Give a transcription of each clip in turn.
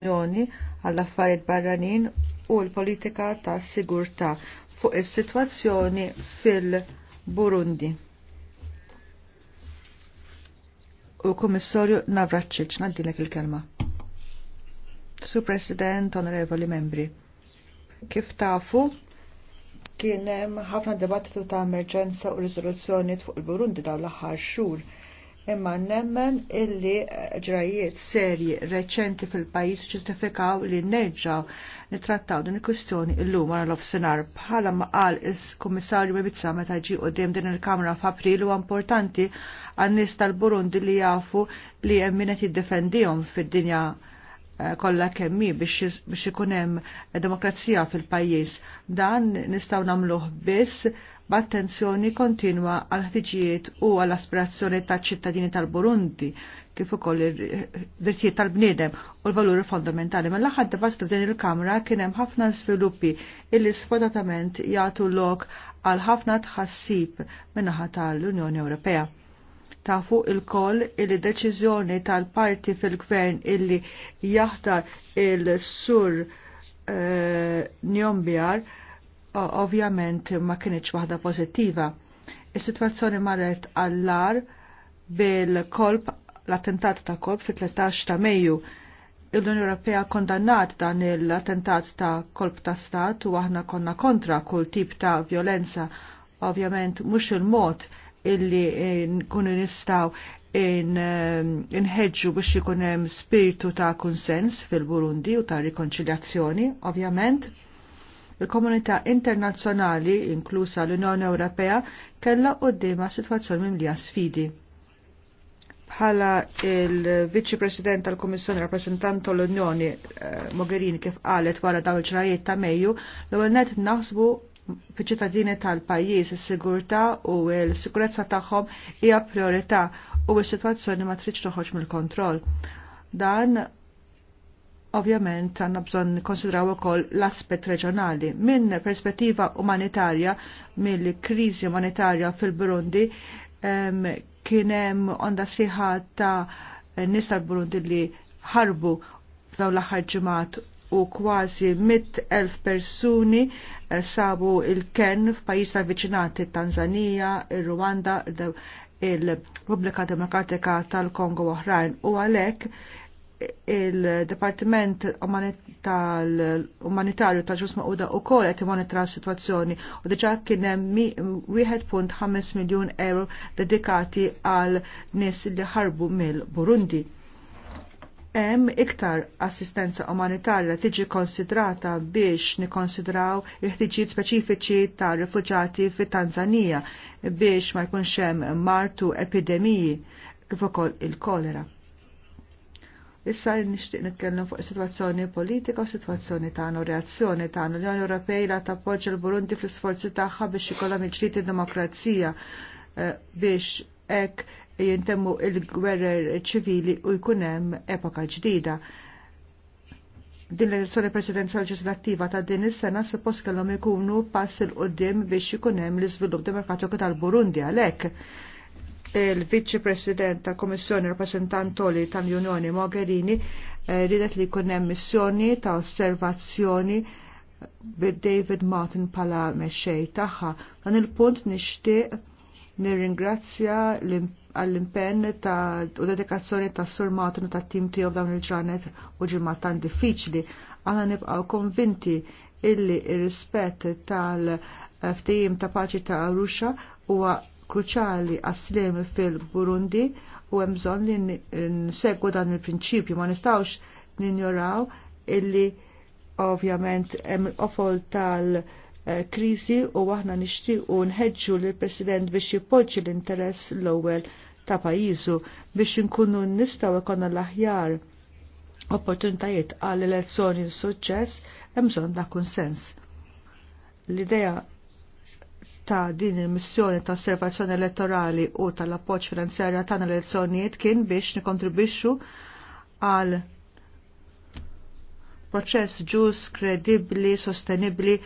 l-Unjoni għall-affarijiet barranin u l-politika ta' sigurtà fuq is-sitwazzjoni fil-Burundi. U Kummissarju Navracic, nadilek il-kelma. Su President, onorevoli membri, kif tafu kien hemm ħafna dibattitu ta' emerġenza u riżoluzzjoni fuq il-Burundi dawn l-aħħar xhur imma nemmen illi ġrajiet serji reċenti fil-pajis ċertifikaw li nerġaw nitrattaw din il-kwistjoni lum għal l-ofsenar bħala ma qal il-Kummissarju Bibizza meta ġi qudiem din il-Kamra f'April u importanti għan-nies tal-Burundi li jafu li hemm min qed jiddefendihom fid-dinja eh, kollha kemmi biex ikun hemm demokrazija fil-pajjiż. Dan nistgħu nagħmluh biss b'attenzjoni kontinwa għal ħtiġijiet u għall aspirazzjoni taċ ċittadini tal-Burundi kif ukoll ir-drittijiet tal-bniedem u l-valuri fondamentali. mill mela aħħar dibattitu f'din il-Kamra kien hemm ħafna sviluppi illi sfodatament jagħtu lok għal ħafna tħassib min-naħa tal-Unjoni Ewropea tafu il-koll il deċiżjoni tal-parti fil-gvern illi jaħtar il-sur eh, Njombjar Njombjar ovvjament ma kienieċ waħda pozittiva. Is-sitwazzjoni marret għallar bil-kolb l-attentat ta' kolb fit-13 ta' Mejju. L-Unjoni Ewropea kondannat dan l-attentat ta' kolb ta' stat u aħna konna kontra kull tip ta' violenza. Ovvjament mhux il-mod illi nkunu nistgħu ehm, inħeġġu in biex ikun hemm spiritu ta' konsens fil-Burundi u ta' rikonċiljazzjoni, ovvjament Il-komunità internazzjonali, inklusa l-Unjoni Ewropea, kellha qudiema sitwazzjoni mimlija sfidi. Bħala il-Viċi President tal kummissjoni Rappresentant tal-Unjoni eh, Mogherini kif qalet wara dawn il-ġrajiet ta' Mejju, l-ewwel net naħsbu fiċ-ċittadini tal-pajjiż is-sigurtà u l-sikurezza tagħhom hija priorità u s-sitwazzjoni ma tridx toħroġ mill-kontroll. Dan Ovvjament għanna bżon konsidraw ukoll l-aspet reġjonali. Minn perspettiva umanitarja mill-kriżi umanitarja fil-Burundi kien hemm onda sħiħa ta' nies tal-Burundi li ħarbu f'dawn l-aħħar ġimgħat u kważi elf persuni eh, sabu il-ken f'pajjiż tal-viċinati Tanzania, ir-Rwanda, il-Repubblika Demokratika tal-Kongo oħrajn u għalhekk il-Departiment Umanitarju ta' ġusma u da' u kol għet monitra situazzjoni u diġa kienem 1.5 miljon euro dedikati għal nis li ħarbu mill-Burundi. Hemm iktar assistenza umanitarja tiġi konsidrata biex nikonsidraw il-ħtiġijiet speċifiċi ta' rifuġati fit tanzania biex ma jkunx hemm martu epidemiji kif ukoll il-kolera. Issa nixtieq nitkellem fuq is-sitwazzjoni politika u sitwazzjoni tagħna u reazzjoni tagħna. L-Unjoni Ewropej la tappoġġa l-Burundi fl-isforzi tagħha biex ikollha miġrid id-demokrazija eh, biex hekk jintemmu il gwerra ċivili u jkun hemm epoka ġdida. Din l-elezzjoni presidenza leġislattiva ta' din is-sena suppost kellhom ikunu pass il qudiem biex ikun hemm l-iżvilupp demokratiku tal-Burundi għalhekk il-Viċi President ta' Komissjoni Rappresentantoli tal-Unjoni Mogherini eh, ridet li kunna missjoni ta' osservazzjoni bid David Martin pala mexxej tagħha. Dan il-punt nixtieq nirringrazzja għall-impenn ta' u dedikazzjoni ta' Sur Martin ta' tim tiegħu dawn il-ġranet u ġimgħat tan diffiċli. Aħna nibqgħu konvinti illi ir-rispett tal-ftehim ta' paċi ta' Arusha huwa kruċali għas slim fil-Burundi u hemm bżonn li nsegwu dan il-prinċipju ma nistgħux ninjoraw illi ovvjament hemm il tal-kriżi u aħna nixtiequ nħeġġu lill president biex jippoġġi l-interess l-ewwel ta' pajjiżu biex inkunu nistgħu ikonna l-aħjar opportunitajiet għall elezzjoni suċċess hemm bżonn ta' kunsens. L-idea ta' din il-missjoni ta' osservazzjoni elettorali u tal-appoġġ finanzjarja tagħna l-elezzjonijiet kien biex nikontribwixxu għal proċess ġus, kredibbli, sostenibbli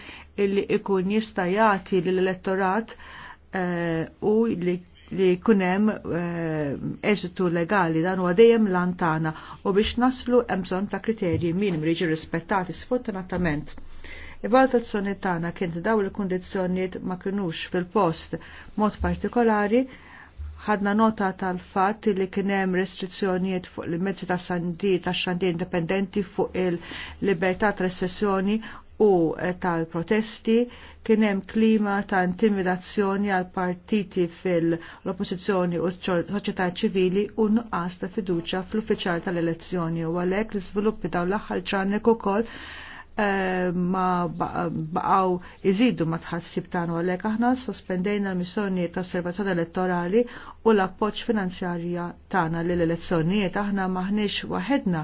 illi ikun jista' jagħti lill-elettorat eh, u li li kunem eh, eżitu legali dan huwa dejjem lantana u biex naslu hemm bżonn ta' kriterji minimi jiġi rispettati sfortunatament Il-valutazzjoni tagħna kien daw il-kundizzjonijiet ma kinux fil-post mod partikolari ħadna nota tal-fatt li kien hemm restrizzjonijiet fuq il-mezzi ta' sandi ta' xandi indipendenti fuq il-libertà tal-sessjoni u eh, tal-protesti kien hemm klima ta' intimidazzjoni għal partiti fil-oppożizzjoni u soċjetà ċivili u nuqqas ta' fiduċja fl-uffiċjal tal-elezzjoni u għalhekk l-iżviluppi dawn l-aħħar ġranek ukoll Eh, ma baqaw iżidu ma tħassib tagħna għalhekk aħna sospendejna l-missjonijiet ta' osservazzjoni elettorali u l-appoġġ finanzjarja tagħna lill elezzjonijiet aħna maħniex waħedna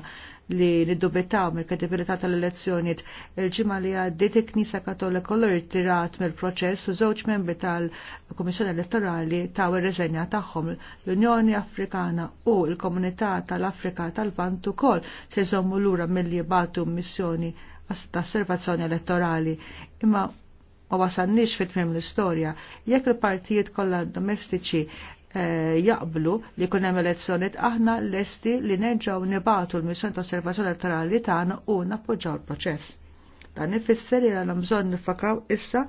li niddubitaw mill-kredibilità tal-elezzjonijiet il-ġimgħa li għaddiet il-Knisa Katolika l irtirat mill-proċess u żewġ membri tal-Kummissjoni Elettorali taw ir-reżenja tagħhom l-Unjoni Afrikana u l-Komunità tal-Afrika tal-Vant ukoll se jżommu lura milli jibgħatu missjoni ta' osservazzjoni elettorali, imma ma wasannix fit tmiem l-istorja, jekk il-partijiet kollha domestiċi eh, jaqblu li kun hemm elezzjoniet aħna lesti li nerġgħu nibatu l-missjoni ta' osservazzjoni elettorali tagħna u nappoġġaw il-proċess. Dan ifisser li għandhom bżonn nifakaw issa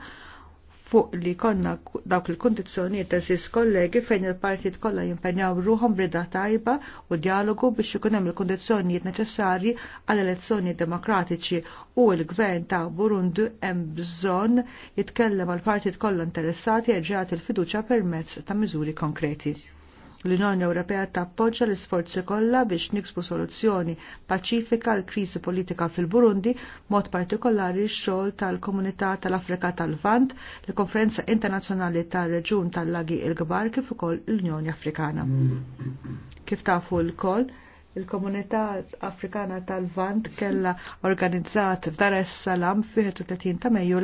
fuq li konna dawk il-kondizjoniet eżis kollegi fejn il-partit kollha jimpenjaw ruhom brida tajba u dialogu biex ikun hemm il-kondizzjonijiet neċessarji għal elezzjoni demokratiċi u l-gvern ta' Burundi hemm bżonn jitkellem għal partit kollha interessati għal il-fiduċja permezz ta' miżuri konkreti. L-Unjoni Ewropea tappoġġa l-isforzi kollha biex niksbu soluzzjoni paċifika l kriżi politika fil-Burundi, mod partikolari x-xogħol tal-Komunità tal-Afrika tal-Vant, l-Konferenza Internazzjonali tar-Reġun tal-Lagi il-Gbar kif ukoll l-Unjoni Afrikana. Kif tafu l-koll, il-Komunità Afrikana tal-Vant kella organizzat f'Dar es salam fi 30 ta' Mejju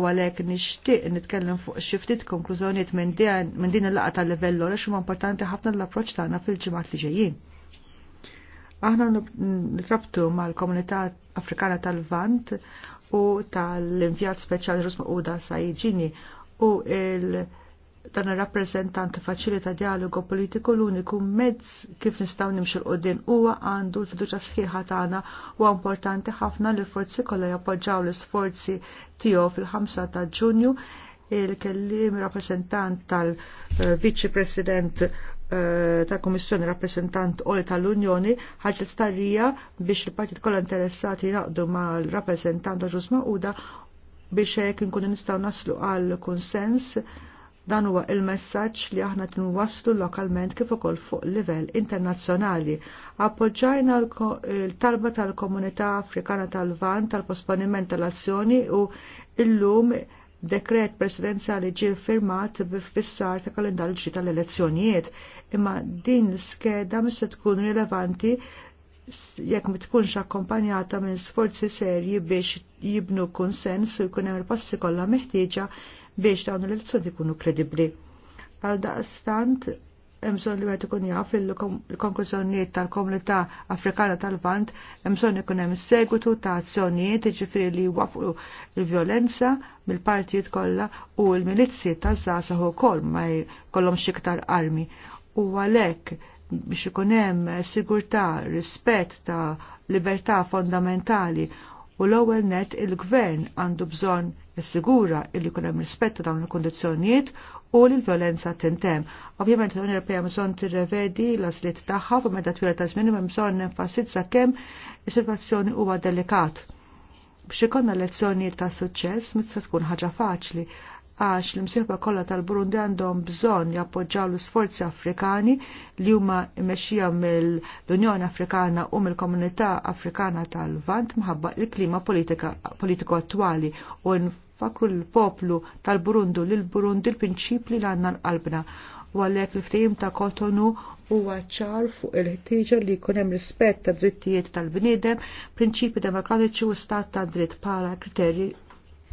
u għalhekk nixtieq nitkellem fuq xi ftit konklużjonijiet minn din il-laqgħa tal-livell għax xumma importanti ħafna l-approċċ tagħna fil-ġimgħat li ġejjin. Aħna nitrabtu mal-komunità Afrikana tal-Vant u tal-invjat speċjali Rusma Uda Sajġini u il- dan rappresentant faċilita dialogu politiku l-uniku mezz kif nistgħu nimxu l qoddin huwa għandu l fiduċa sħiħa tagħna huwa importanti ħafna li forzi kollha jappoġġaw l-isforzi tiegħu fil-5 ta' Ġunju il-kellim rappresentant tal-Viċi President eh, ta' Komissjoni Rappresentant Oli tal-Unjoni ħarġet starrija biex il-partit kollha interessati jaqdu mal rappresentant ta' Ġusma Uda biex hekk nkunu nistgħu naslu għal konsens Dan huwa il-messaġġ li aħna tinwasslu lokalment kif ukoll fuq livell internazzjonali. Appoġġajna l-talba tal-Komunità Afrikana tal-Van tal-posponiment tal-azzjoni u illum dekret presidenzjali ġie firmat b'fissar ta' kalendarju ġi tal-elezzjonijiet, imma din skeda mis se tkun rilevanti jekk ma tkunx akkompanjata minn sforzi serji biex jibnu konsens u jkun hemm il-passi kollha meħtieġa biex dawn l-elezzjoni ikunu kredibbli. Għal daqstant emson li għet ikun jaf il-konklużjonijiet tal-komunità Afrikana tal-Vant, emson ikun hemm segwitu ta' azzjonijiet ġifri li wafqu il-violenza mill-partijiet kollha u l-milizzi taż-żgħażagħ ukoll ma jkollhom xiktar armi. U għalhekk biex ikun hemm sigurtà, rispett ta' libertà fondamentali u l-ewwel net il-gvern għandu bżonn nissigura illi kun hemm rispetta dawn il kundizzjonijiet u li l-violenza tintem. Ovvjament l-Unjoni Ewropea bżonn tirrevedi l-għażliet tagħha u meta twila ta' żmien hemm bżonn nenfasizza kemm is-sitwazzjoni huwa delikat. B'xikonna konna lezzjonijiet ta' suċċess mitsa tkun ħaġa faċli għax l-imsieħba kollha tal-Burundi għandhom bżonn jappoġġaw l-isforzi Afrikani li huma mmexxija mill-Unjoni Afrikana u mill-Komunità Afrikana tal-Vant mħabba il-klima politiku attwali u nfakru l-poplu tal-Burundu lil Burundi l-prinċipli li għandna l-qalbna u għalhekk l-ftehim ta' Kotonu huwa ċar fuq il-ħtieġa li jkun hemm rispett ta' drittijiet tal-bniedem, prinċipi demokratiċi u stat ta' dritt bħala kriterji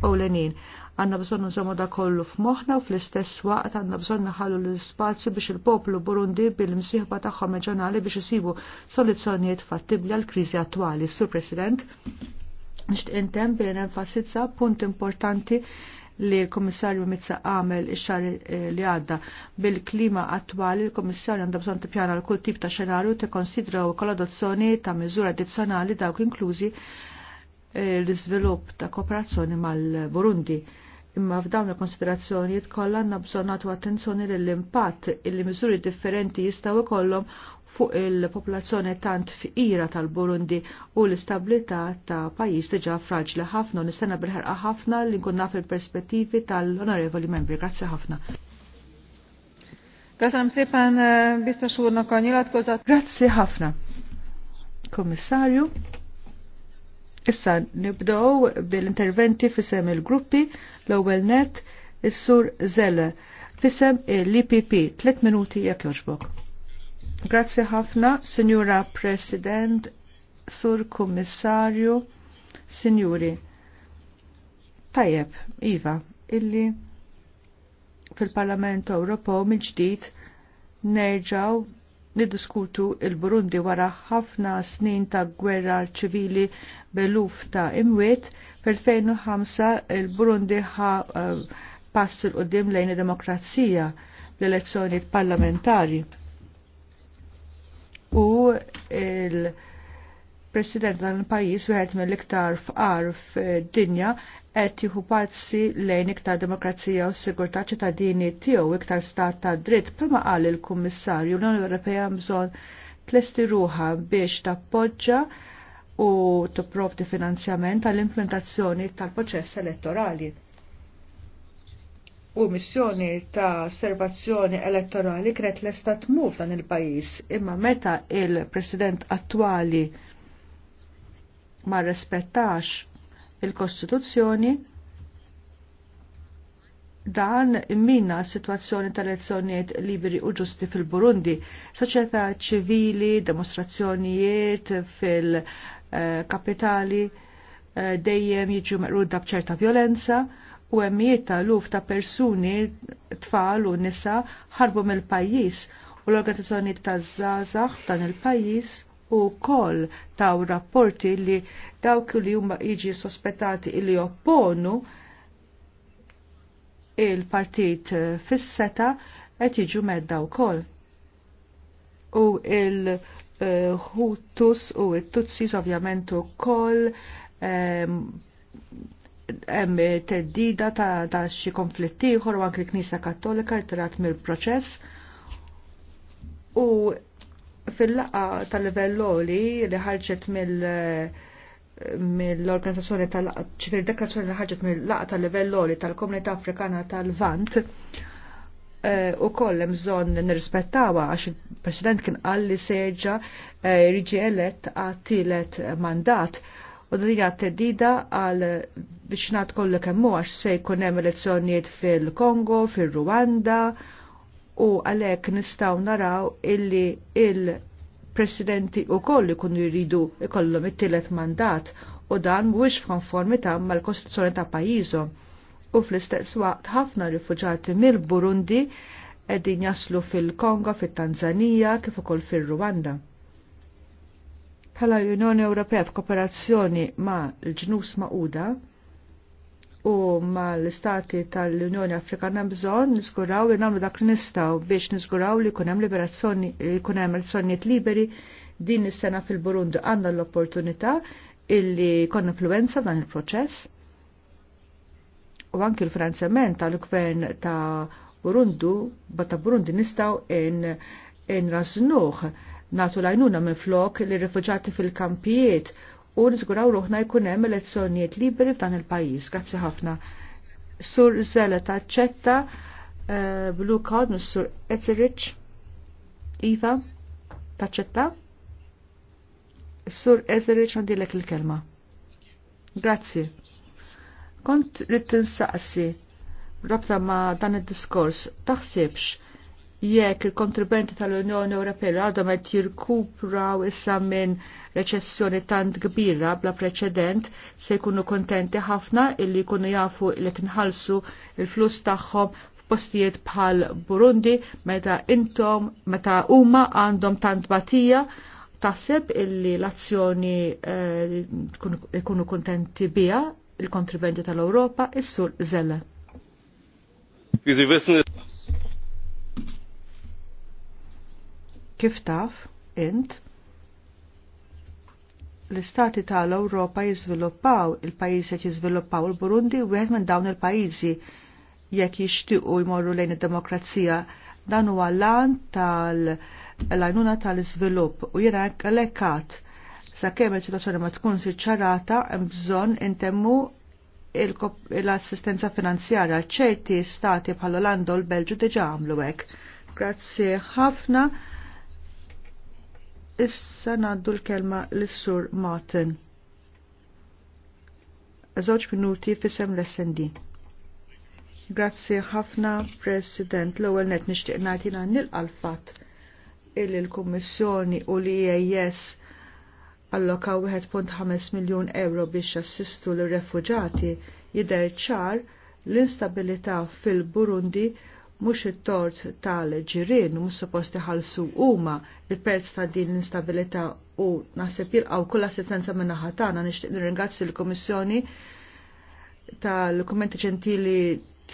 ewlenin. Għanna bżon nżomu da kollu f'moħna u fl-istess waqt għanna bżon nħallu l-spazju biex il-poplu Burundi bil-msieħba tagħhom reġjonali biex isibu soluzzjonijiet fattibli għal-kriżi attwali. Sur President, nixtieq intem bil nenfasizza punt importanti li l-Komissarju Mizza għamel ix-xar li għadda bil-klima attwali l-Komissarju għandha bżonn tippjana l kull tip ta' xenarju tikkonsidra wkoll adozzjoni ta' miżura addizzjonali dawk inklużi eh, l-iżvilupp ta' kooperazzjoni mal-Burundi. Imma f'dawn il-konsiderazzjonijiet kollha għandna bżonn nagħtu attenzjoni lill impatt illi miżuri differenti jistgħu ikollhom fuq il-popolazzjoni tant fira tal-Burundi u l-istabilità ta' pajjiż diġà fraġli ħafna u nistenna bil ħafna li nkun naf il-perspettivi tal-onorevoli membri. Grazzi ħafna. Köszönöm szépen biztos úrnak a Grazie ħafna. Kommissarju. Issa nibdow bil-interventi fisem il-gruppi l-ewwel net is-sur Zelle fisem l-IPP tlet minuti jekk joġbok. Grazzi ħafna, Sinjura President, Sur Kummissarju, Sinjuri. Tajjeb, Iva, illi fil-Parlament Ewropew mill-ġdid nerġaw niddiskutu il-Burundi wara ħafna snin ta' gwerra ċivili beluf ta' imwiet, fil-2005 il-Burundi ħa uh, pass il-qoddim lejn demokrazija l-elezzjoni parlamentari. U il- President dan il-pajis wieħed mill-iktar fqar f'dinja qed jieħu pazzi lejn iktar demokrazija u sigurtà ċittadini tiegħu iktar stat ta' dritt bħalma qal il-Kummissarju l-Unjoni Ewropea bżonn tlesti ruħa biex tappoġġa u tipprovdi finanzjament għall-implementazzjoni tal-proċess elettorali. U missjoni ta' osservazzjoni elettorali kret lesta muf dan il-pajis imma meta il-president attwali ma rispettax il-Kostituzzjoni dan minna situazzjoni tal-elezzjonijiet liberi u ġusti fil-Burundi, soċjetà ċivili, demostrazzjonijiet fil-kapitali eh, dejjem jiġu meqruda bċerta violenza u emmijiet ta' luf ta' persuni, tfal u nisa ħarbu mill-pajjiż u l-organizzazzjoni ta' żgħażagħ dan il-pajjiż u koll taw rapporti li dawk li huma jiġi sospettati li opponu il-partit fis-seta qed jiġu medda wkoll. U il-Hutus u it-Tutsis ovvjament ukoll hemm teddida ta', ta xi konflitti ieħor u anke l-Knisja Kattolika rtirat mill-proċess u Fil-laqa tal-livelloli li ħarġet mill- organizzazzjoni tal ċifir deklarazzjoni li ħarġet mill-laqa tal-livelloli tal-Komunità Afrikana tal-Vant eh, u hemm bżonn nirrispettawa għax il-President kien għalli seġa riġi eh, elett għattilet mandat u dinja t-teddida għal viċinat kollu kemmu għax se jkun hemm elezzjonijiet fil-Kongo, fil-Rwanda, fil kongo fil rwanda fil rwanda u għalek nistaw naraw illi il-presidenti u koll ikunu jridu ikollhom it-tielet mandat u dan mhuwiex f'konformità mal-kostituzzjoni ta' pajjiżhom. U fl-istess waqt ħafna rifuġati mill-Burundi qegħdin jaslu fil-Kongo, fit tanzania kif ukoll fir-Rwanda. Bħala Unjoni Ewropea f'kooperazzjoni ma' l-ġnus Uda, u mal-istati tal-Unjoni Afrikana bżon niżguraw li nagħmlu dak li nistgħu biex niżguraw li jkun hemm liberazzjoni jkun hemm elezzjonijiet liberi din is-sena fil-Burundi għandna l-opportunità illi kon influenza dan il-proċess u anki l-finanzjament tal-gvern ta' Burundu, ta' Burundi nistaw in, in raznuħ natu lajnuna minn flok li rifuġati fil-kampijiet u nizguraw ruħna jkun hemm elezzjonijiet liberi f'dan il-pajjiż. Grazzi ħafna. Sur Zela taċċetta eh, Blue Card sur Etzerich Iva taċċetta. Sur Etzerich għandilek il-kelma. Grazzi. Kont rrid tinsaqsi rabta ma dan id-diskors taħsibx jekk il-kontribenti tal-Unjoni Ewropea għadhom qed jirkupraw issa minn reċessjoni tant kbira bla preċedent se jkunu kontenti ħafna illi jkunu jafu li tinħalsu il-flus tagħhom f'postijiet bħal Burundi meta intom meta huma għandhom tant batija taħseb illi l-azzjoni eh, jkunu eh, kontenti biha il-kontribenti tal-Ewropa is-sur Kif taf, int, l-istati tal-Ewropa jizviluppaw il pajizi jek jiżviluppaw il-Burundi wieħed minn dawn il-pajjiżi jekk jixtiequ jmorru lejn id-demokrazija dan huwa lan tal-għajnuna tal-iżvilupp u jiena għalekat sakemm il-situazzjoni ma tkun siċċarata hemm bżonn intemmu l-assistenza finanzjarja ċerti stati bħal Olanda u l-Belġu diġa' għamlu hekk. Grazzi ħafna. Issa naddu l-kelma l-Sur Martin. Żewġ minuti fisem l-SND. Grazzi ħafna, President. L-ewwel net nixtieq ngħidina nilqa' l-fatt illi l-Kummissjoni u li EIS alloka 1.5 miljon euro biex assistu l refugġati jidher ċar l-instabilità fil-Burundi mhux it-tort tal-ġirien mux mhux suppost iħallsu huma il-prezz ta' din l-instabilità u naħseb jilqgħu kull assistenza minna naħa tagħna nixtieq nirringrazzju l-Kummissjoni tal-kumenti ġentili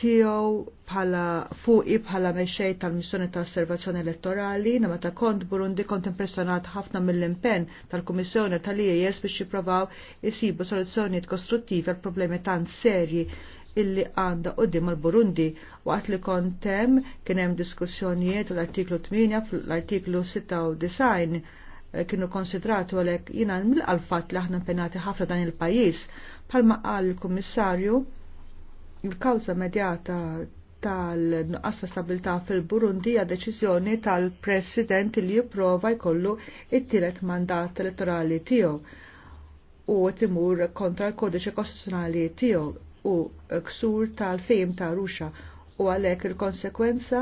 tiegħu bħala fuqi bħala mexxej tal-missjoni ta' osservazzjoni elettorali, na ta kont Burundi kont impressjonat ħafna mill-impenn tal-Kummissjoni tal-IES biex jippruvaw isibu soluzzjonijiet kostruttivi għal problemi tant serji illi għanda u mal burundi waqt li kontem kien hemm diskussjonijiet l-artiklu 8 fl-artiklu 96 kienu konsidratu għalek jina mill-għalfat li aħna penati ħafna dan il-pajis palma għal komissarju kummissarju il-kawza medjata tal-nuqqas ta' stabilità fil-Burundi hija deċiżjoni tal-President li jipprova jkollu it-tielet mandat elettorali tiegħu u timur kontra l-kodiċi kostituzzjonali tiegħu u ksur tal-fejm ta' ruxa u għalhekk il-konsekwenza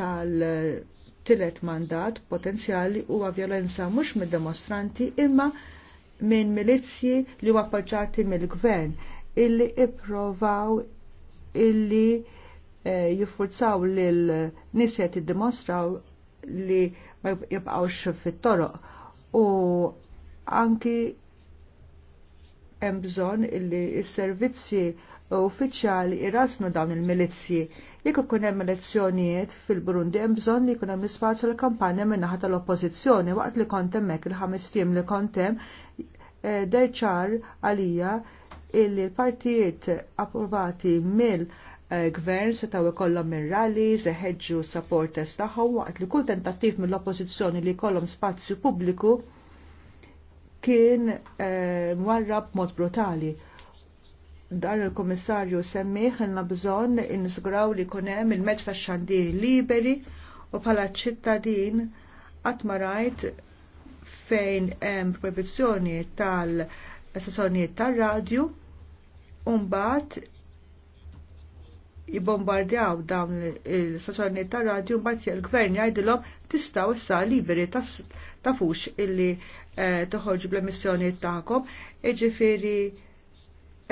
tal-tilet mandat potenzjali huwa violenza mhux mid demonstranti imma minn milizji li huwa appoġġjati mill-gvern illi ipprovaw illi eh, jiffurzaw lil niset qed iddimostraw li ma jibqgħux fit-toroq u anki hemm bżonn illi s-servizzi uffiċjali irasnu dawn il-milizzji. Jekk ikun hemm elezzjonijiet fil-Burundi hemm bżonn li jkun hemm l-ispazju l-kampanja minn naħa tal-Oppożizzjoni waqt li kont hemmhekk il-ħames tim li kont hemm eh, derċar għalija illi l-partijiet approvati mill gvern taw ikollhom ir-rally, seħeġġu supporters tagħhom waqt li kull tentattiv mill-oppożizzjoni li jkollhom spazju pubbliku kien eh, mwarrab mod brutali. Dan il-komissarju semmiħ inna bżon nisgraw li kunem il-medfa xandir liberi u bħala ċittadin għatmarajt fejn hemm proibizzjoni tal-sessjonijiet tal-radju u mbagħad jibombardjaw dawn il-stazzjoni ta' radju mbagħad il-gvern jgħidilhom tistgħu issa liberi ta' fux illi eh, toħorġu bl-emissjoni tagħkom. Jiġifieri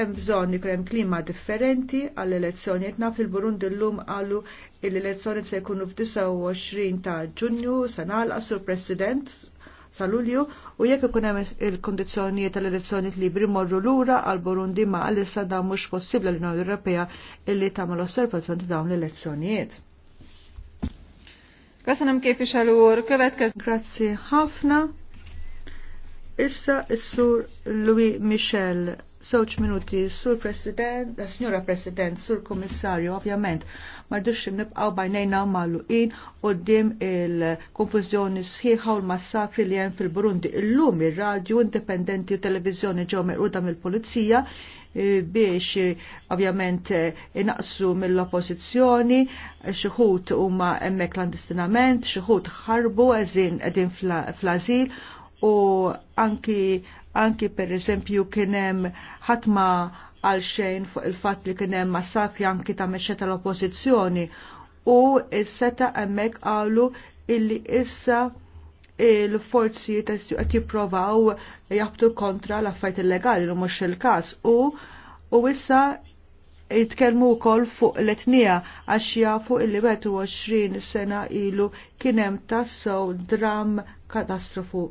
hemm bżonn ikun hemm klima differenti għall elezzjonijiet naf il-Burundi llum qalu l-elezzjoni se jkunu f'29 ta' Ġunju se nagħlaq sur President sa' ulju u jekk ikun hemm il-kondizzjonijiet tal-elezzjonijiet libri morru lura għal Burundi ma għalissa dan mhux possibbli l-Unjoni Ewropea illi tagħmel osservazzjoni ta' dawn l-elezzjonijiet. Köszönöm képviselő úr, következő. Grazzi ħafna. Issa is-sur Louis Michel Soċ minuti, sur president, eh, signora president, sur komissarju, ovvjament, mardux nibqaw bajnejna mal in u dim il-konfuzjoni sħiħa u l-massakri li jen fil-Burundi. Illum il-radio, indipendenti u televizjoni ġew merquda mill-polizija eh, biex eh, ovvjament inaqsu mill-oppozizjoni, xuħut huma emme klandestinament, xuħut ħarbu, eżin edin fl-azil u anki Anki per eżempju kienem ħatma għal xejn fuq il-fat li kienem massakri anki ta' meċċa tal-oppozizjoni u s-seta emmek għalu illi issa il-forzi qed jipprovaw jabtu kontra l-affajt illegali u mhux il-każ u u issa jitkellmu wkoll fuq l-etnija għax jafu il 20 sena ilu kien hemm tassew dram katastrofu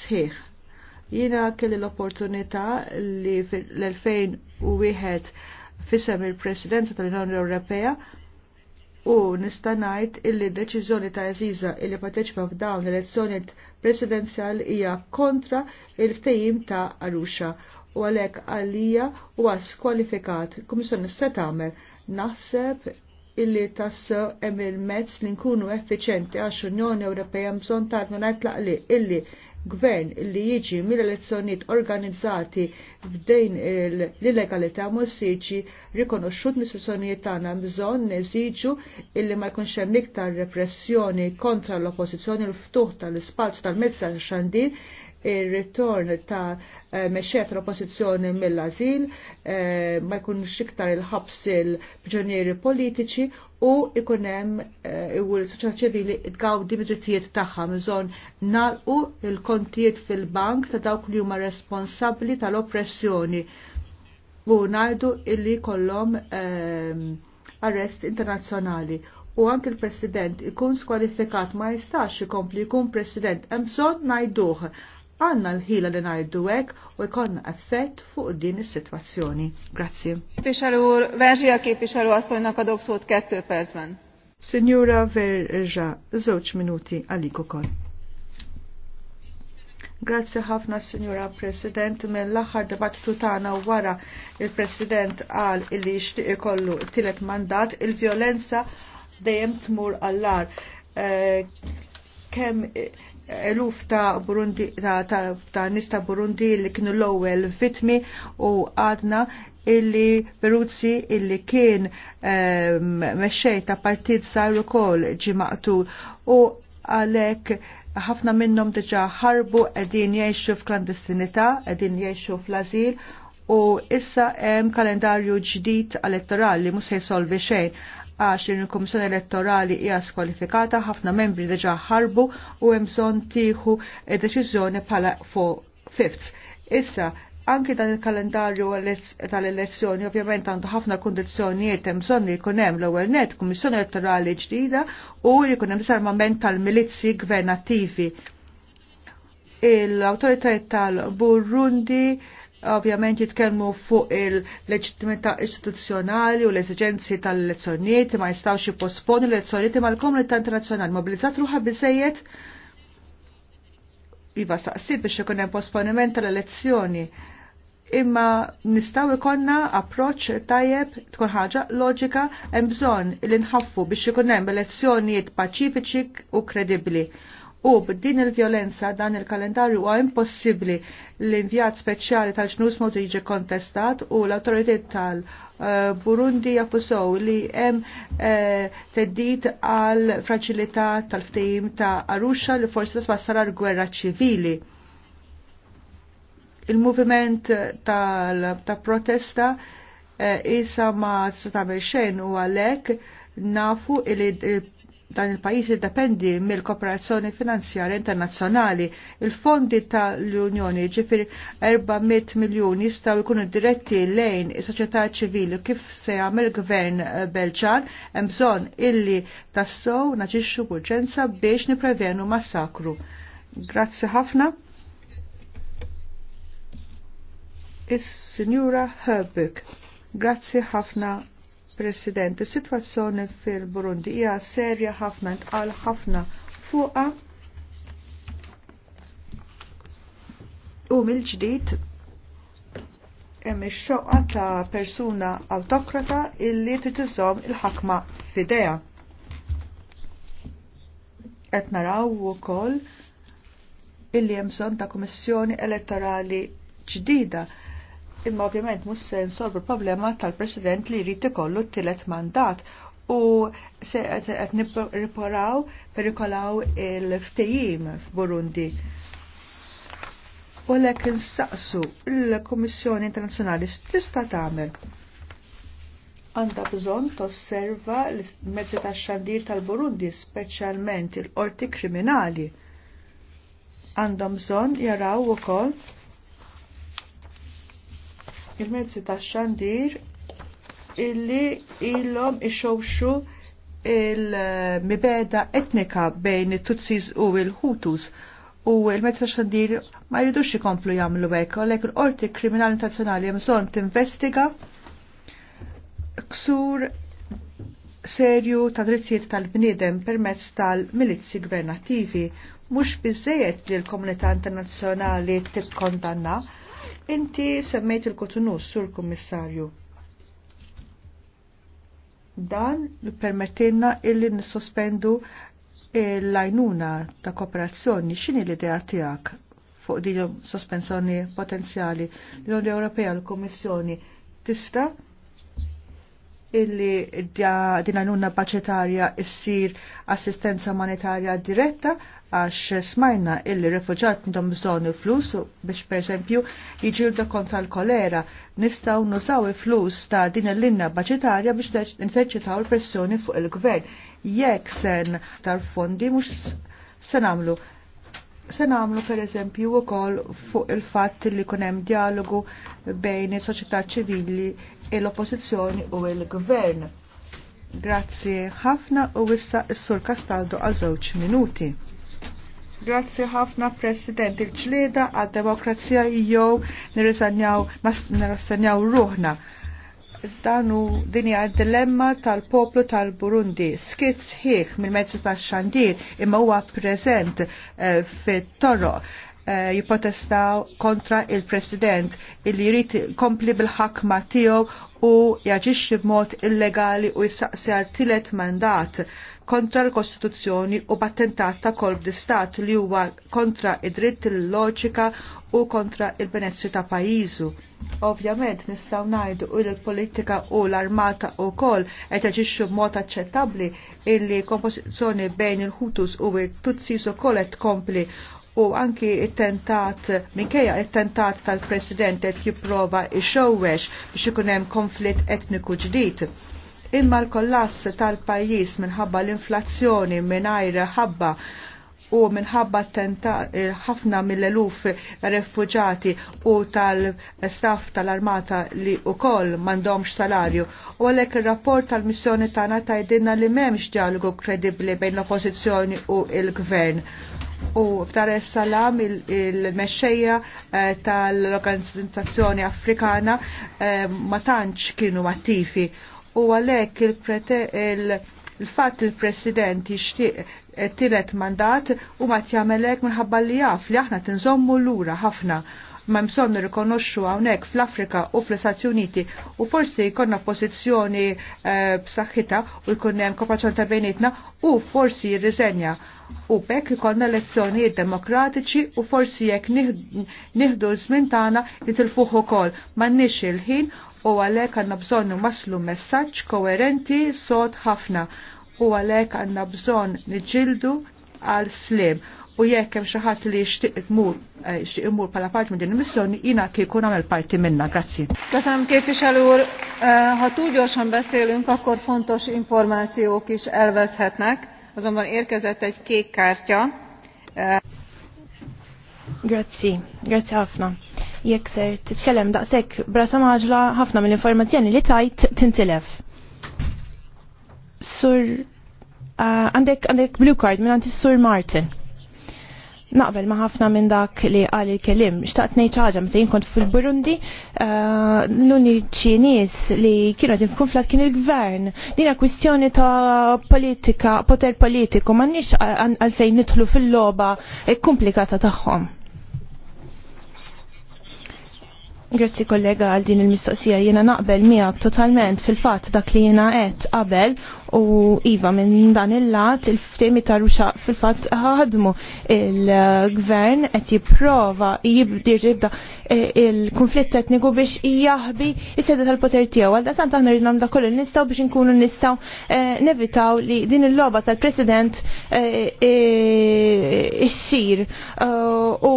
sħiħ. Jina kelli l-opportunità li l-2001 fissem il-Presidenza tal-Unjoni Ewropea u nista' ngħid illi deċiżjoni ta' Aziza illi pateċpa f'dawn l-elezzjoni presidenzjali hija kontra il-ftehim ta' Arusha u għalhekk għalija huwa skwalifikat. Il-Kummissjoni se tagħmel naħseb illi tassew hemm il-mezz li nkunu effiċenti għax Unjoni Ewropea bżonn tagħmel ngħid laqli illi gvern li jiġi mill-elezzjonijiet organizzati f'dejn l-illegalità mhux jiġi rikonoxxut mis-sessjonijiet tagħna bżonn neżiġu illi ma jkunx hemm iktar repressjoni kontra l-oppożizzjoni l-ftuħ tal-ispazju tal mezza għax-xandir ir-ritorn ta' eh, meċċet tal-oppożizzjoni mill-azil eh, ma jkunx iktar il-ħabs il-priġunieri politiċi u ikunem hemm eh, u l-soċjetà ċivili tgawdi bid-drittijiet tagħha bżonn nalqu l-kontijiet fil-bank ta' dawk li huma responsabbli tal-oppressjoni u ngħidu illi kollhom arrest internazzjonali u anke l-President ikun skwalifikat ma jistax ikompli jkun President hemm bżonn ngħiduh għanna l-ħila li najdu hekk u jkollna effett fuq din is-sitwazzjoni. Grazzi. Képviselő úr, Verzsia képviselő asszonynak kadok sot kettu perzman. Signora Verja, żewġ minuti għalik ukoll. Grazzi ħafna, Signora President, mill l-aħħar dibattitu tagħna wara il-President qal illi jixtieq ikollu tielet mandat, il-vjolenza dejjem tmur għallar. Eh, kemm eluf ta' Burundi, ta', ta, ta nista Burundi li kienu l-ewwel vitmi u għadna illi Peruzzi illi kien ehm, mexxej ta' partit sar ukoll ġi maqtul u għalhekk ħafna minnhom diġà ħarbu qegħdin jgħixu f'klandestinità, qegħdin jgħixu fl-ażil u issa hemm kalendarju ġdid elettorali mhux se jsolvi xejn għax il-Komissjoni Elettorali hija skwalifikata, ħafna membri diġa' ħarbu u hemm bżonn tieħu deċiżjoni bħala fuq Issa, anki dan il-kalendarju tal-elezzjoni ovvjament għandu ħafna kundizzjonijiet hemm bżonn li jkun hemm l-ewwel net kummissjoni elettorali ġdida u li jkun hemm disarmament tal-milizzi gvernattivi. Il-awtoritajiet tal-Burundi ovvjament jitkellmu fuq il-leġitimità istituzzjonali u l-esigenzi tal-elezzjonijiet ma jistawx jipposponu l-elezzjonijiet ma l-komunità internazzjonali mobilizzat ruħa biżejjed iva saqsit biex ikun hemm posponiment tal-elezzjoni. Imma nistgħu ikonna approċċ tajjeb tkun ħaġa loġika hemm bżonn li nħaffu biex ikun hemm elezzjonijiet paċifiċi u kredibbli U b'din il-violenza dan il-kalendarju huwa impossibbli l-invjat speċjali tal-ġnus mod jiġi kontestat u l-autoritet tal-Burundi jaffusow li hemm eh, teddit għal fragilità tal-ftehim ta' Arusha li forsi tasbassar għal gwerra ċivili. Il-moviment tal-protesta eh, isa ma tagħmel xejn u għalhekk nafu li dan il id dependi mill-kooperazzjoni finanzjarja internazzjonali. Il-fondi tal-Unjoni ġifir 400 miljun jistgħu jkunu diretti lejn is-soċjetà ċivili kif se jagħmel gvern eh, Belġan hemm bżonn illi tassew naġixxu b'urġenza biex niprevenu massakru. Grazzi ħafna. Is-Sinjura Herbig. Grazzi ħafna President, is-sitwazzjoni fil-Burundi hija serja ħafna ntqal ħafna fuqha u mill-ġdid hemm ix-xoqqa ta' persuna autokrata illi trid il-ħakma f'idea. Qed naraw wkoll illi hemm bżonn ta' kummissjoni elettorali ġdida imma ovvjament mhux se nsolvu l-problema tal-President li jrid ikollu t-tielet mandat u se qed nipporaw perikolaw il-ftejim f'Burundi. U lek insaqsu l-Kummissjoni Internazzjonali tista' tagħmel għandha bżonn tosserva l-mezzi tax-xandir tal-Burundi, speċjalment il-qorti kriminali. Għandhom bżonn jaraw ukoll il-mezzi tax-xandir illi ilhom ixowxu il-mibeda etnika bejn it-Tutsis u il-Hutus u il-mezzi tax-xandir ma jridux ikomplu jagħmlu hekk għalhekk il-Qorti Kriminali nazjonali hemm bżonn tinvestiga ksur serju ta' drittijiet tal-bniedem permezz tal-milizzi gvernativi mhux biżejjed li l-komunità internazzjonali tikkondanna Inti semmejt il-Kotunus, sur Kommissarju. Dan permettilna illi nissospendu l-lajnuna ta' kooperazzjoni. X'inhi l-idea tiegħek fuq di sospensjoni potenzjali l-Unjoni Ewropea l-Kommissjoni tista' illi din għanuna paċetarja issir assistenza umanitarja diretta għax smajna illi refuġat ndom bżon flus biex per esempio jġildu kontra l-kolera nistaw nużaw il-flus ta' din l-linna baċitarja biex nseċitaw l-pressjoni fuq il-gvern. Jekk sen tal-fondi mux sen Senamlu per eżempju u kol fuq il-fat li kunem dialogu bejn il-soċieta ċivili il-oppozizjoni u il-gvern. Grazzi ħafna u issa s-sur Kastaldo għal żewġ minuti. Grazzi ħafna President il-ġlieda għad-demokrazija jew nirrisanjaw ruħna. Dan hu din hija dilemma tal-poplu tal-Burundi. Skit sħiħ mill-mezzi tax-xandir imma huwa preżent eh, fit-toroq eh, jipotestaw kontra il-President illi jrid kompli bil-ħakma tiegħu u jaġixxi b'mod illegali u jissaqsi għal tielet mandat kontra l-Kostituzzjoni u battentat ta' kolb di stat li huwa kontra id-dritt il-loġika u kontra il-benessri ta' pajizu. Ovvjament nistaw najdu u l-politika u l-armata u kol et jaġixxu mod aċċettabbli illi kompożizzjoni bejn il-Hutus u il-Tutsis u kol et kompli u anki it-tentat, minkejja it-tentat tal-President qed jipprova ixowwex biex ikun hemm konflitt etniku ġdid imma l-kollass tal-pajjiż minħabba l-inflazzjoni mingħajr ħabba u minħabba ħafna mill-eluf refuġati u tal-staff tal-armata li u koll mandomx salarju. U għalek il-rapport tal-missjoni nata tajdinna li memx dialogu kredibli bejn l-oppozizjoni u il-gvern u f'dar salam il-mexxejja eh, tal-Organizzazzjoni Afrikana eh, ma tantx kienu attifi u għalhekk il-fatt il-President jixtieq tielet mandat u ma t-jamelek minħabba li jaf li aħna tinżommu lura ħafna ma mson rikonoxxu hawnhekk fl-Afrika u fl-Istati Uniti u forsi jkollna pożizzjoni eh, b'saħħitha u jkun hemm kooperazzjoni ta' bejnietna u forsi jirriżenja u bekk ikollna elezzjonijiet demokratiċi u forsi jekk nieħdu żmien tagħna nitilfuh ukoll m'għandniex il-ħin u għalhekk għandna bżonn waslu messaġġ koerenti sod ħafna u għalhekk għandna bżonn niġildu għal slim u jekk hemm xi ħadd li jixtieq imur eh, jixtieq imur bħala parti minn din il-missjoni jiena kieku nagħmel parti minnha. Grazzi. Kasam képviselő úr, eh, ha túl gyorsan beszélünk, akkor fontos információk is elveszhetnek. Azonban érkezett egy kék kártya. Eh, grazzi, grazzi ħafna. Jekk ser titkellem daqshekk brata maġla ħafna mill-informazzjoni li tajt tintilef. Sur ah, għandek għandek blue card minn għandi Sur Martin. Naqbel ma ħafna minn dak li għal il-kelim, xtaqt ngħid ħaġa meta jinkont fil-Burundi, eh, l-uniċi nies li kienu qed f'kunflat kien il-gvern. Dina kwistjoni ta' politika, poter politiku, m'għandniex għalfejn nidħlu fil-logħba komplikata tagħhom. Grazzi kollega għal din il-mistoqsija jiena naqbel miegħek totalment fil-fatt dak li jiena qed qabel u iva minn dan il-lat il-ftemi ta' ruxa fil-fat ħadmu il-gvern qed jipprova jibda e, il-konflitt etniku biex jahbi is-seda tal-poter tiegħu. Għal dan aħna rid nagħmlu kollu nistgħu biex inkunu nistgħu e, nevitaw li din il-logħba tal-President e, issir u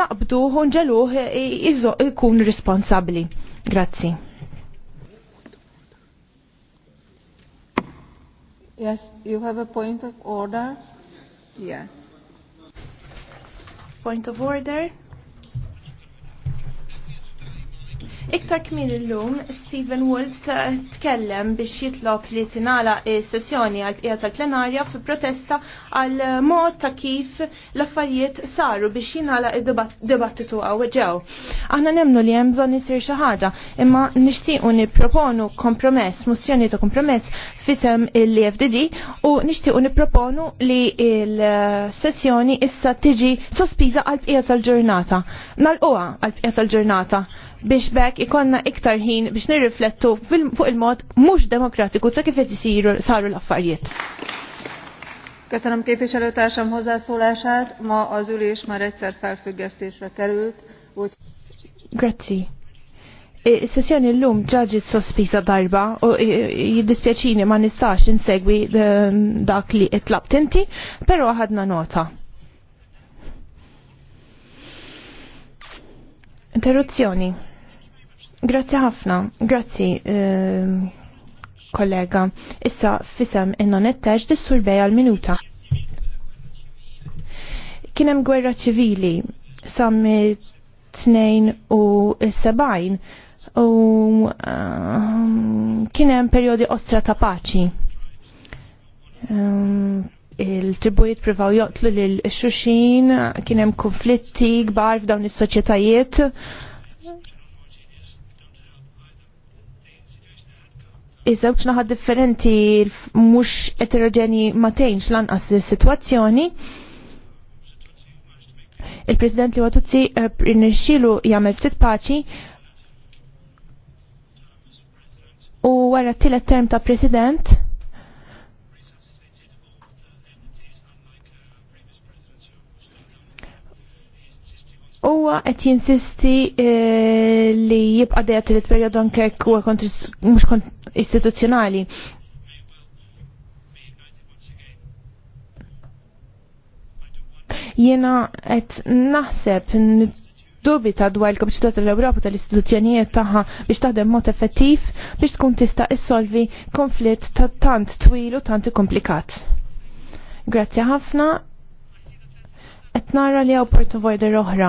naqbdu u nġeluh ikun responsabbli. Grazzi. Yes, you have a point of order? Yes. Point of order? Iktar kmin l-lum, Stephen Wolf tkellem biex jitlob li tinala sessjoni għal bqija tal-plenarja fi protesta għal mod ta' kif l-affarijiet saru biex jinala id-dibattitu għaw ġew. Aħna nemnu li hemm bżonn xaħġa, xi ħaġa, imma nixtiequ nipproponu kompromess, mozzjoni ta' kompromess fisem il-FDD u nixtiequ nipproponu li il-sessjoni issa tiġi sospiża għal bqija tal-ġurnata. Nal-qwa għal bqija tal-ġurnata biex bekk ikonna iktar ħin biex nirriflettu fuq il-mod mhux demokratiku ta' kif qed isiru saru l-affarijiet. Köszönöm képviselőtársam hozzászólását. Ma az ülés már egyszer felfüggesztésre került. Úgy... Grazie. Is-sessjoni l-lum ġaġit sospiża darba u jiddispjaċini ma nistax insegwi eh, dak li itlabt tinti pero ħadna nota. Interruzzjoni. Grazzi ħafna, grazzi ehm, kollega. Issa fisem innon it dissur dissurbej għal-minuta. Kienem gwerra ċivili sammi 72 u ehm, kienem periodi ostra ta' paċi. Ehm, il-tribujiet privaw joqtlu l xuxin, kienem konflitti gbar f'dawn is-soċjetajiet iżewċ żewġ naħad differenti mhux eterogeni ma tgħinx lanqas is-sitwazzjoni. Il-President li Watuzzi eh, rnexxielu jagħmel ftit paċi u wara t-tielet term ta' President Uwa qed jinsisti eh, li jibqa' dejja trid perjodu anke huwa kont istituzzjonali. Jiena qed naħseb dubita dwar il-Kapacità tal-Ewropa tal-istituzzjonijiet tagħha biex taħdem mod effettiv biex tkun tista' issolvi konflitt ta' tant twil u tant komplikat. Grazzi ħafna Qed nara li hawn portavoider oħra.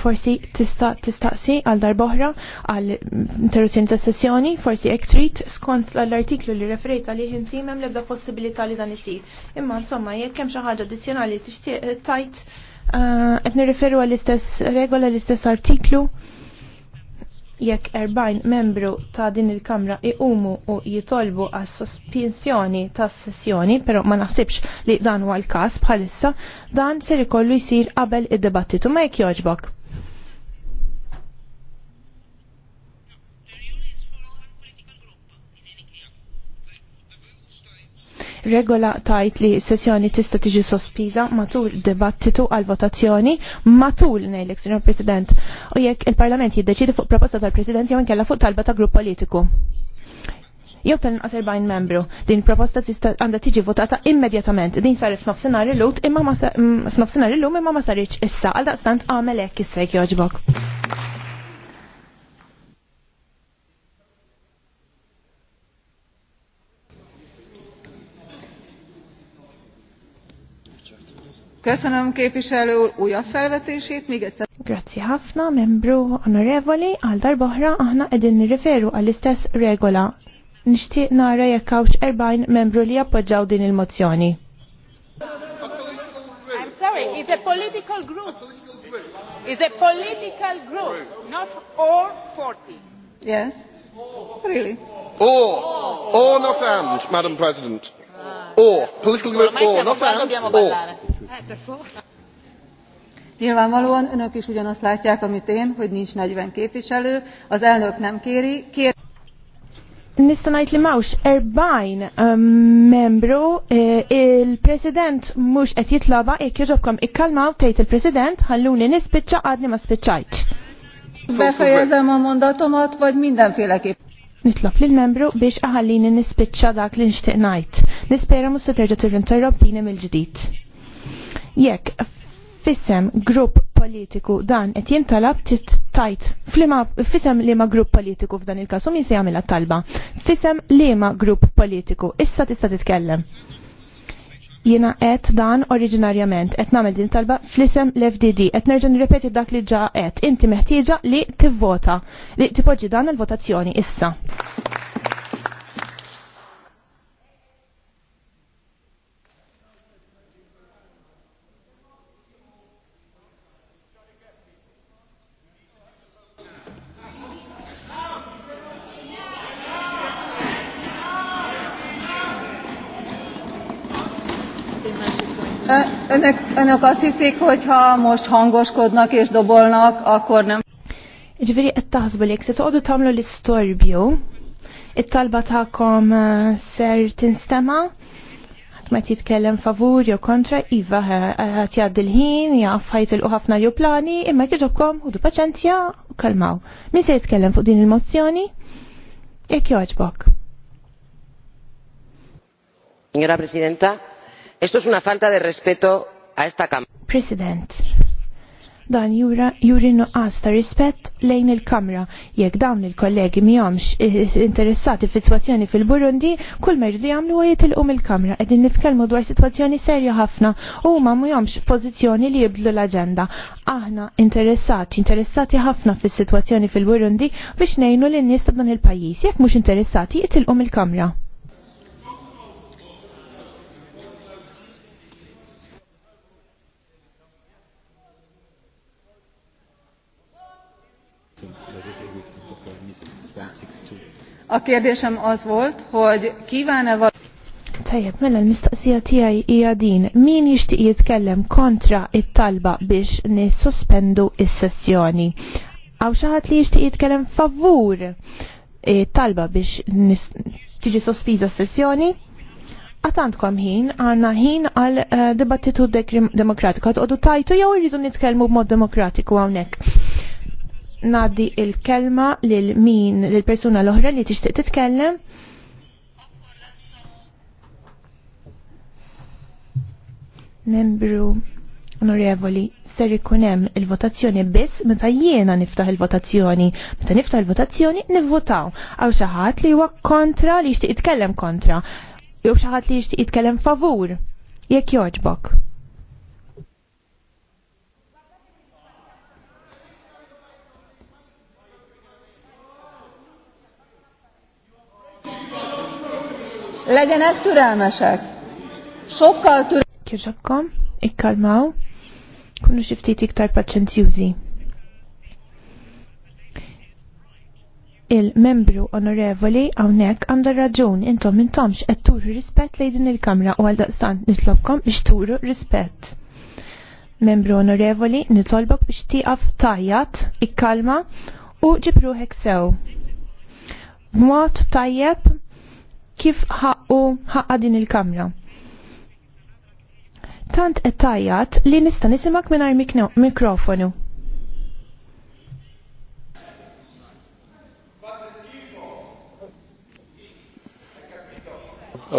Forsi tista' tistaqsi għal darboħra għal interruzzjoni ta' sessjoni, forsi hekk trid skont l-artiklu li referejt għalih intim timem l-ebda possibilità li dan isir. Imma insomma jekk hemm xi ħaġa addizzjonali tixtieq tajt eh, qed nirriferu għall-istess regola l-istess artiklu jekk 40 membru ta' din il-Kamra iqumu u jitolbu għas sospensjoni tas sessjoni, però ma naħsibx li dan huwa l-każ bħalissa, dan ser ikollu jsir qabel id-dibattitu ma jekk joġbok. Regola tajt li sessjoni tista tiġi sospiża matul dibattitu għal votazzjoni matul ngħidlek, Signor President, u jekk il-Parlament jiddeċidi fuq proposta tal-President jew inkella fuq talba ta' grupp politiku jew tal-inqas 40 membru. Din proposta tista' għandha tiġi votata immedjatament. Din saret f'nofsinhar il-lut imma f'nofsinhar illum imma ma saritx issa għal daqstant għamel hekk issejk jogħġbok. Köszönöm képviselő úr újabb felvetését, még egyszer. Grazzi ħafna, membru onorevoli, għal darboħra aħna edin nirriferu għall-istess regola. Nishtiq nara jekkawx erbajn membru li appoġġaw din il-mozzjoni. I'm sorry, it's a political group. It's a political group, not all 40. Yes. Really? Or, or not and, Madam President. Or, ah. political group, or, not and, or. Nyilvánvalóan önök is ugyanazt látják, amit én, hogy nincs 40 képviselő, az elnök nem kéri. Kér... Nista ngħid li mawx erbajn um, membru eh, il-President mhux qed jitlaba jekk jogħġobkom ikkalmaw tgħid il-President ħalluni nispiċċa għadni ma spiċċajt. Befejezem a mondatomat vagy mindenféleképp. Nitlob lil membru biex aħallini nispiċċa dak li nixtieq ngħid. Nispera mhux se terġa' tirrinterrompini mill-ġdid jekk fissem grupp politiku dan qed jintalab tajt flima fisem liema grupp politiku f'dan il-każ u min se jagħmilha talba. Fisem liema grupp politiku issa tista' titkellem. Jiena qed dan oriġinarjament qed nagħmel din talba flissem l-FDD qed nerġa' nirrepeti dak li ġa qed. Inti meħtieġa li tivvota li tipoġġi dan il-votazzjoni issa. Önök azt hiszik, hogy ha most hangoskodnak és dobolnak, akkor nem. Ġviri qed taħsbu li se toqgħodu tagħmlu l-istorbju, it-talba tagħkom eh, ser tinstema' ma jitkellem favur jew kontra iva qed eh, jgħaddi l-ħin jaf ħajtilqu ħafna jew plani imma kieġobkom ħudu paċenzja u kalmaw. Min se jitkellem fuq din il-mozzjoni? Jekk joġbok. Signora Presidenta, esto es una falta de respeto President, dan jura juri nuqqas ta' rispett lejn il-Kamra. Jekk dawn il-kollegi miħomx interessati fi situazzjoni fil-Burundi, kull ma jridu jagħmlu u jitilqum il-Kamra. Qegħdin nitkellmu dwar situazzjoni serja ħafna u huma miħomx pozizjoni li jibdlu l-aġenda. Aħna interessati, interessati ħafna fis situazzjoni fil-Burundi biex ngħinu lin-nies ta' dan il-pajjiż. Jekk mhux interessati, jitilqum il-Kamra. A kérdésem az volt, hogy kíván-e valami... Tajjeb, mela l-mistaqsija tiegħi hija din, min jixtieq jitkellem kontra it-talba biex nissospendu is-sessjoni? Għaw xi ħadd li jixtieq jitkellem favur it-talba biex tiġi sospiża s-sessjoni? Għatantkom ħin, għanna ħin għal eh, dibattitu demokratiku, għat tajtu jew irridu nitkellmu b'mod demokratiku hawnhekk nadi il-kelma lil min lil persuna l-oħra li tixtieq titkellem. Membru onorevoli, ser ikun hemm il-votazzjoni biss meta jiena niftaħ il-votazzjoni. Meta niftaħ il-votazzjoni nivvotaw għaw xi ħadd li huwa kontra li jixtieq jitkellem kontra. Jew xi ħadd li jixtieq jitkellem favur. Jekk jogħġbok. legyenek türelmesek. Sokkal türelmesek. Kirġakkom, ikkalmaw, kunu xiftit iktar paċenzjużi. il-membru onorevoli għawnek għandar raġun intom intomx qed turu rispett lej din il-kamra u għaldaqstant nitlobkom biex turu rispett. Membru onorevoli nitolbok biex tiqaf tajjat, ikkalma u ġibruhek sew. B'mod tajjeb kif ħaqqu ħaqqa din il-kamra. Tant qed tajjat li nista' nisimak mingħajr mikrofonu.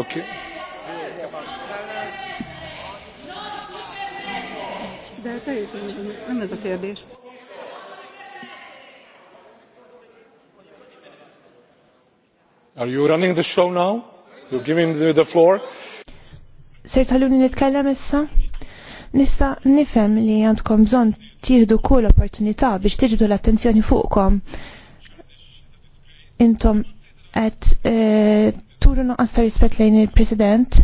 Ok. ez a kérdés. Are you running the show now? You're giving me the floor? Sir taluni nitkellem issa? Nista nifhem li għandkom bżonn tieħdu kull opportunità biex tiġbdu l-attenzjoni fuqkom. Intom għed eh, turu noqqas ta' lejn il-President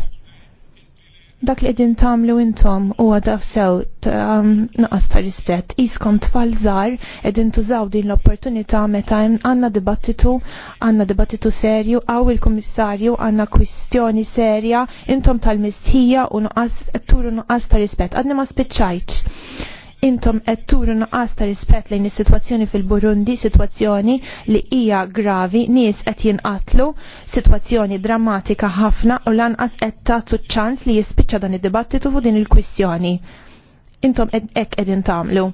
dak li qegħdin tagħmlu intom huwa għadaf sew um, naqas ta' rispett. Iskom tfal żgħar għedin tużaw din l-opportunità meta għandna dibattitu, għandna dibattitu serju għaw il-kummissarju għandna kwistjoni serja intom tal-mistija u naqas turu nuqqas ta' rispett. Għadni ma spiċċajtx intom qed turu nuqqas ta' rispett lejn is-sitwazzjoni fil-Burundi, sitwazzjoni li hija gravi, nies qed jinqatlu, sitwazzjoni drammatika ħafna u lanqas qed tagħtu ċans li jispiċċa dan id-dibattitu fuq din il-kwistjoni. Intom hekk qegħdin tagħmlu.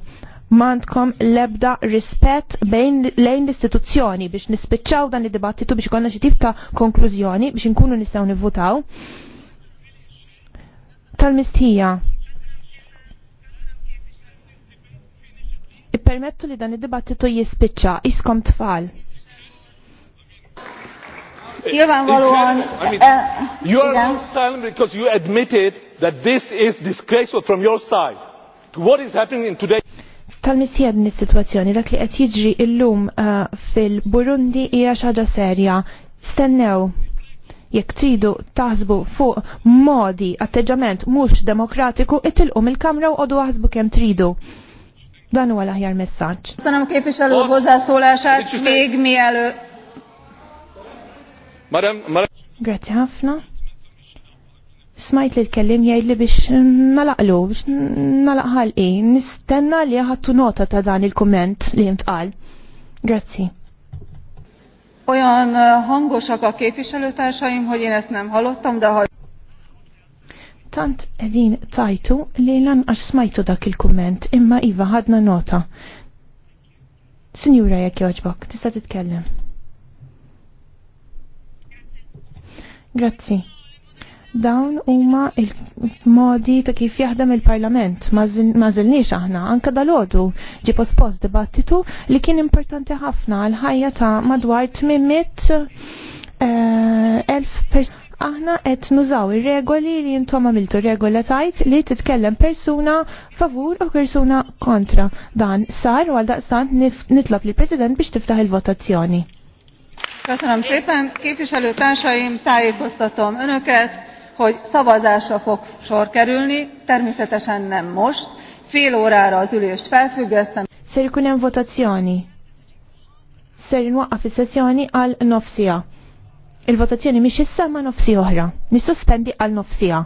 Mandkom lebda rispett bejn lejn l-istituzzjoni biex nispiċċaw dan id-dibattitu biex ikollna xi tip ta' konklużjoni biex inkunu nistgħu nivvutaw. Tal-mistija, ippermettu li dan id-dibattitu jispiċċa iskom tfal. Eh, you are not silent because you admitted that this is disgraceful from your side. What is happening in today? tal is situazzjoni dak li qed jiġri illum eh, fil-Burundi hija xi ħaġa serja. Stennew jekk tridu taħsbu fuq modi atteġġament mhux demokratiku itilqu mill-Kamra u qogħdu waħsbu kemm tridu. Dan huwa l-aħjar messaġġ. Sanam kif ix ixallu hozzászólását még mielőtt. Madam, madam. Grazzi ħafna. Smajt li l-kellim jgħid li biex nalaqlu, biex nalaqħal i, nistenna li ħattu nota ta' dan il-komment li jintqal. Grazzi. Olyan eh, hangosak a képviselőtársaim, hogy én ezt nem hallottam, de ha tant edin tajtu li għax smajtu dak il-kumment imma iva ħadna nota. Sinjura jekk joġbok, tista' titkellem. Grazzi. Dawn huma il-modi ta' kif jaħdem il-Parlament. Ma żilniex aħna, anke dalodu ġi pospost dibattitu li kien importanti ħafna għal ħajja ta' madwar 800 eh, elf persuna aħna qed nużaw ir-regoli li jintom għamiltu regola tajt li titkellem persuna favur u persuna kontra. Dan sar u għaldaqstant nitlob li president biex tiftaħ il-votazzjoni. Köszönöm szépen, társaim, tájékoztatom önöket, hogy szavazásra fog sor kerülni, természetesen nem most. Fél órára az ülést felfüggesztem. Ser ikun hemm votazzjoni. Ser inwaqqaf is-sessjoni nofsija. Il-votazzjoni miex issa ma' nofsi oħra. Nissospendi għal nofsija.